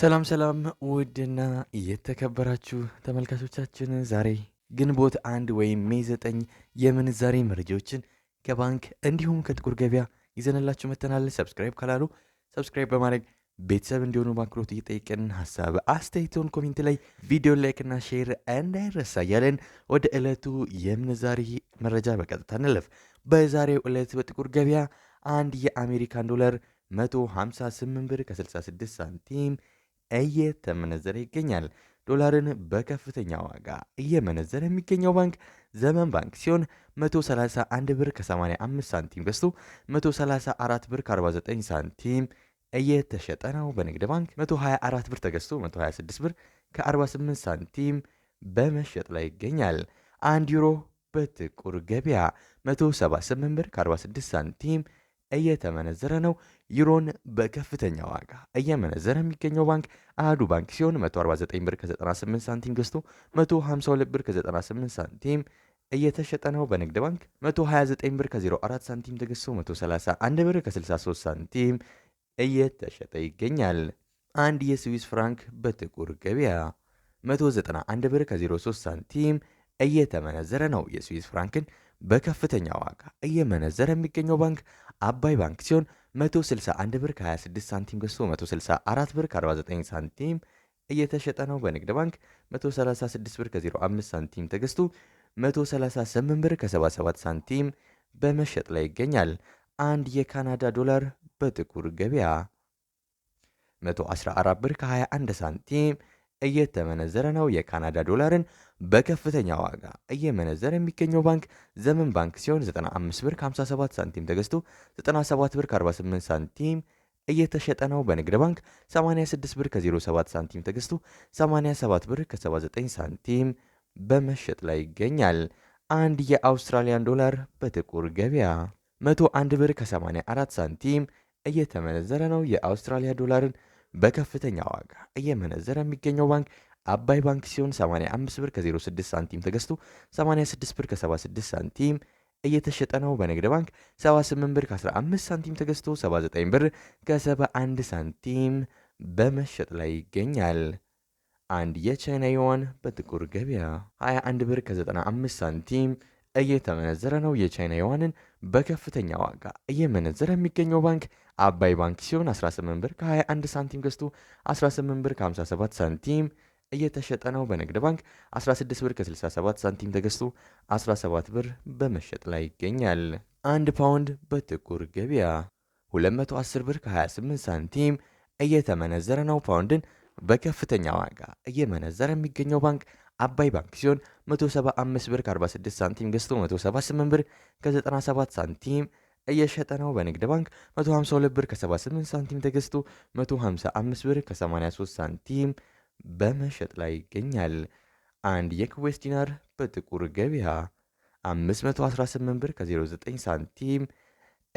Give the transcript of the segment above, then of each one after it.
ሰላም ሰላም ውድና የተከበራችሁ ተመልካቾቻችን ዛሬ ግንቦት አንድ ወይም ሜ ዘጠኝ የምንዛሬ መረጃዎችን ከባንክ እንዲሁም ከጥቁር ገበያ ይዘንላችሁ መተናል። ሰብስክራይብ ካላሉ ሰብስክራይብ በማድረግ ቤተሰብ እንዲሆኑ በአክብሮት እየጠየቅን ሀሳብ አስተያየቶን ኮሜንት ላይ ቪዲዮ ላይክና ሼር እንዳይረሳ እያለን ወደ ዕለቱ የምንዛሬ መረጃ በቀጥታ እንለፍ። በዛሬው ዕለት በጥቁር ገበያ አንድ የአሜሪካን ዶላር 158 ብር ከ66 ሳንቲም እየተመነዘረ ይገኛል። ዶላርን በከፍተኛ ዋጋ እየመነዘረ የሚገኘው ባንክ ዘመን ባንክ ሲሆን 131 ብር ከ85 ሳንቲም ገዝቶ 134 ብር ከ49 ሳንቲም እየተሸጠ ነው። በንግድ ባንክ 124 ብር ተገዝቶ 126 ብር ከ48 ሳንቲም በመሸጥ ላይ ይገኛል። አንድ ዩሮ በጥቁር ገበያ 178 ብር ከ46 ሳንቲም እየተመነዘረ ነው። ዩሮን በከፍተኛ ዋጋ እየመነዘረ የሚገኘው ባንክ አህዱ ባንክ ሲሆን 149 ብር ከ98 ሳንቲም ገዝቶ 152 ብር ከ98 ሳንቲም እየተሸጠ ነው። በንግድ ባንክ 129 ብር ከ04 ሳንቲም ተገዝቶ 131 ብር ከ63 ሳንቲም እየተሸጠ ይገኛል። አንድ የስዊስ ፍራንክ በጥቁር ገበያ 191 ብር ከ03 ሳንቲም እየተመነዘረ ነው። የስዊስ ፍራንክን በከፍተኛ ዋጋ እየመነዘረ የሚገኘው ባንክ አባይ ባንክ ሲሆን 161 ብር ከ26 ሳንቲም ገዝቶ 164 ብር ከ49 ሳንቲም እየተሸጠ ነው። በንግድ ባንክ 136 ብር ከ05 ሳንቲም ተገዝቶ 138 ብር ከ77 ሳንቲም በመሸጥ ላይ ይገኛል። አንድ የካናዳ ዶላር በጥቁር ገበያ 114 ብር ከ21 ሳንቲም እየተመነዘረ ነው። የካናዳ ዶላርን በከፍተኛ ዋጋ እየመነዘረ የሚገኘው ባንክ ዘመን ባንክ ሲሆን 95 ብር 57 ሳንቲም ተገዝቶ 97 ብር 48 ሳንቲም እየተሸጠ ነው። በንግድ ባንክ 86 ብር ከ07 ሳንቲም ተገዝቶ 87 ብር ከ79 ሳንቲም በመሸጥ ላይ ይገኛል። አንድ የአውስትራሊያን ዶላር በጥቁር ገበያ 101 ብር ከ84 ሳንቲም እየተመነዘረ ነው። የአውስትራሊያ ዶላርን በከፍተኛ ዋጋ እየመነዘረ የሚገኘው ባንክ አባይ ባንክ ሲሆን 85 ብር ከ06 ሳንቲም ተገዝቶ 86 ብር ከ76 ሳንቲም እየተሸጠ ነው። በንግድ ባንክ 78 ብር ከ15 ሳንቲም ተገዝቶ 79 ብር ከ71 ሳንቲም በመሸጥ ላይ ይገኛል። አንድ የቻይና ዩዋን በጥቁር ገበያ 21 ብር ከ95 ሳንቲም እየተመነዘረ ነው። የቻይና ዩዋንን በከፍተኛ ዋጋ እየመነዘረ የሚገኘው ባንክ አባይ ባንክ ሲሆን 18 ብር ከ21 ሳንቲም ገዝቶ 18 ብር ከ57 ሳንቲም እየተሸጠ ነው። በንግድ ባንክ 16 ብር ከ67 ሳንቲም ተገዝቶ 17 ብር በመሸጥ ላይ ይገኛል። አንድ ፓውንድ በጥቁር ገበያ 210 ብር ከ28 ሳንቲም እየተመነዘረ ነው። ፓውንድን በከፍተኛ ዋጋ እየመነዘረ የሚገኘው ባንክ አባይ ባንክ ሲሆን 175 ብር ከ46 ሳንቲም ገዝቶ 178 ብር ከ97 ሳንቲም እየሸጠ ነው። በንግድ ባንክ 152 ብር ከ78 ሳንቲም ተገዝቶ 155 ብር ከ83 ሳንቲም በመሸጥ ላይ ይገኛል። አንድ የኩዌስ ዲናር በጥቁር ገበያ 518 ብር ከ09 ሳንቲም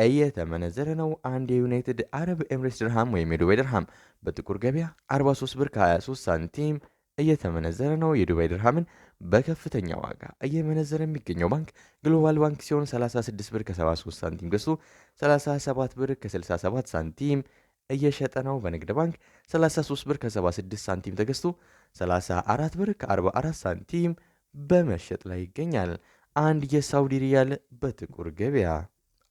እየተመነዘረ ነው። አንድ የዩናይትድ አረብ ኤምሬትስ ድርሃም ወይም የዱባይ ድርሃም በጥቁር ገበያ 43 ብር ከ23 ሳንቲም እየተመነዘረ ነው። የዱባይ ድርሃምን በከፍተኛ ዋጋ እየመነዘረ የሚገኘው ባንክ ግሎባል ባንክ ሲሆን 36 ብር ከ73 ሳንቲም ገዝቶ 37 ብር ከ67 ሳንቲም እየሸጠ ነው። በንግድ ባንክ 33 ብር ከ76 ሳንቲም ተገዝቶ 34 ብር ከ44 ሳንቲም በመሸጥ ላይ ይገኛል። አንድ የሳውዲ ሪያል በጥቁር ገበያ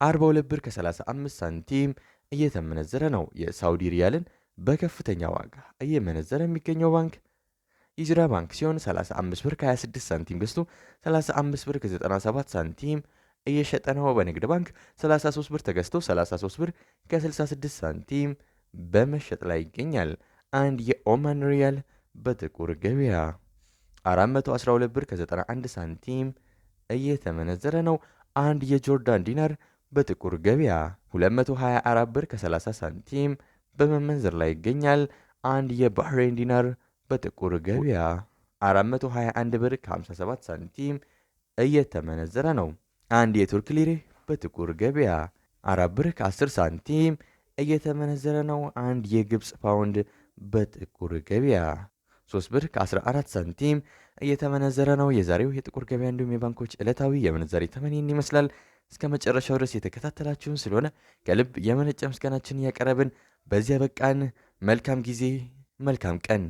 42 ብር ከ35 ሳንቲም እየተመነዘረ ነው። የሳውዲ ሪያልን በከፍተኛ ዋጋ እየመነዘረ የሚገኘው ባንክ የጅራ ባንክ ሲሆን 35 ብር ከ26 ሳንቲም ገዝቶ 35 ብር ከ97 ሳንቲም እየሸጠ ነው። በንግድ ባንክ 33 ብር ተገዝቶ 33 ብር ከ66 ሳንቲም በመሸጥ ላይ ይገኛል። አንድ የኦማን ሪያል በጥቁር ገበያ 412 ብር ከ91 ሳንቲም እየተመነዘረ ነው። አንድ የጆርዳን ዲናር በጥቁር ገበያ 224 ብር ከ30 ሳንቲም በመመንዘር ላይ ይገኛል። አንድ የባህሬን ዲናር በጥቁር ገበያ 421 ብር ከ57 ሳንቲም እየተመነዘረ ነው። አንድ የቱርክ ሊሬ በጥቁር ገበያ 4 ብር ከ10 ሳንቲም እየተመነዘረ ነው። አንድ የግብፅ ፓውንድ በጥቁር ገበያ 3 ብር ከ14 ሳንቲም እየተመነዘረ ነው። የዛሬው የጥቁር ገበያ እንዲሁም የባንኮች ዕለታዊ የምንዛሬ ተመኔን ይመስላል። እስከ መጨረሻው ድረስ የተከታተላችሁን ስለሆነ ከልብ የመነጨ ምስጋናችን እያቀረብን በዚያ በቃን። መልካም ጊዜ፣ መልካም ቀን።